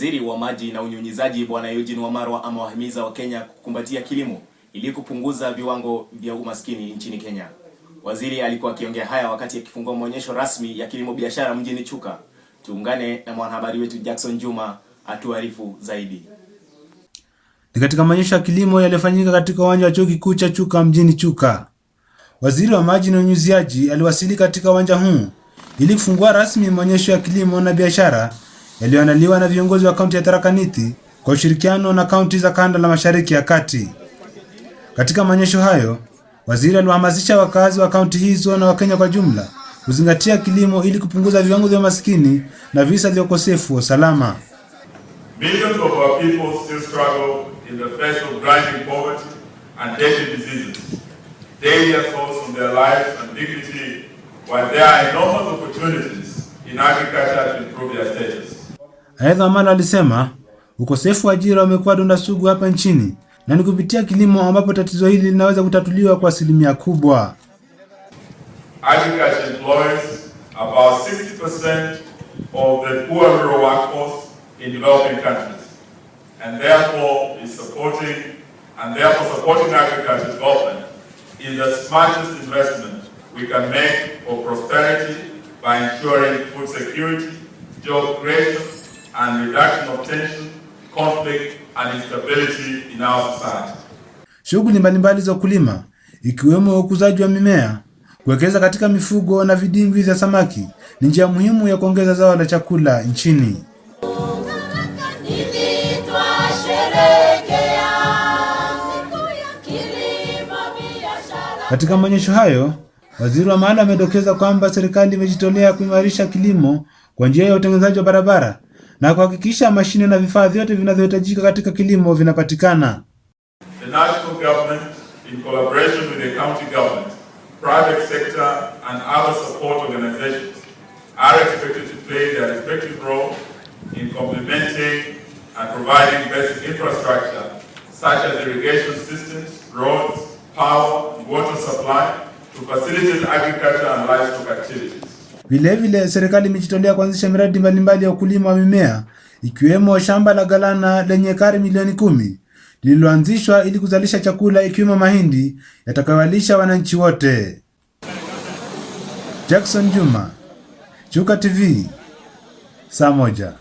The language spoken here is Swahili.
Waziri wa maji na unyunyizaji Bwana Eugene Wamarwa amewahimiza Wakenya kukumbatia kilimo ili kupunguza viwango vya umaskini nchini Kenya. Waziri alikuwa akiongea haya wakati akifungua maonyesho rasmi ya kilimo biashara mjini Chuka. Tuungane na mwanahabari wetu Jackson Juma atuarifu zaidi. Ni katika maonyesho ya kilimo yaliyofanyika katika uwanja wa chuo kikuu cha Chuka mjini Chuka. Waziri wa maji na unyunyiziaji aliwasili katika uwanja huu ili kufungua rasmi maonyesho ya kilimo na biashara yaliyoandaliwa na viongozi wa kaunti ya Tharaka Nithi kwa ushirikiano na kaunti za kanda la Mashariki ya Kati. Katika maonyesho hayo, waziri aliwahamasisha wakazi wa kaunti hizo na Wakenya kwa jumla kuzingatia kilimo ili kupunguza viwango vya umaskini na visa vya ukosefu wa usalama. While there are enormous opportunities in agriculture to improve their status. Aidha, Amala alisema ukosefu wa ajira umekuwa donda sugu hapa nchini na ni kupitia kilimo ambapo tatizo hili linaweza kutatuliwa kwa asilimia kubwa. Agriculture employs about 60% of the poor rural workforce in developing countries and therefore is supporting and therefore supporting agriculture development is the smartest investment we can make for prosperity by ensuring food security, job creation and reduction of tension, conflict and instability in our society. Shughuli mbalimbali za ukulima ikiwemo ukuzaji wa mimea, kuwekeza katika mifugo na vidimbwi vya samaki ni njia muhimu ya kuongeza zao la chakula nchini. Katika maonyesho hayo, waziri wa maana amedokeza kwamba serikali imejitolea kuimarisha kilimo kwa njia ya utengenezaji wa barabara na kuhakikisha mashine na vifaa vyote vinavyohitajika katika kilimo vinapatikana. The national government in collaboration with the county government, private sector and other support organizations are expected to play their respective role in complementing and providing basic infrastructure such as irrigation systems, roads, power, water supply to facilitate agriculture and livestock activities. Vilevile, serikali imejitolea kuanzisha miradi mbalimbali ya ukulima wa mimea ikiwemo shamba la Galana lenye ekari milioni kumi lililoanzishwa ili kuzalisha chakula ikiwemo mahindi yatakayowalisha wananchi wote. Jackson Juma, Chuka TV, saa moja.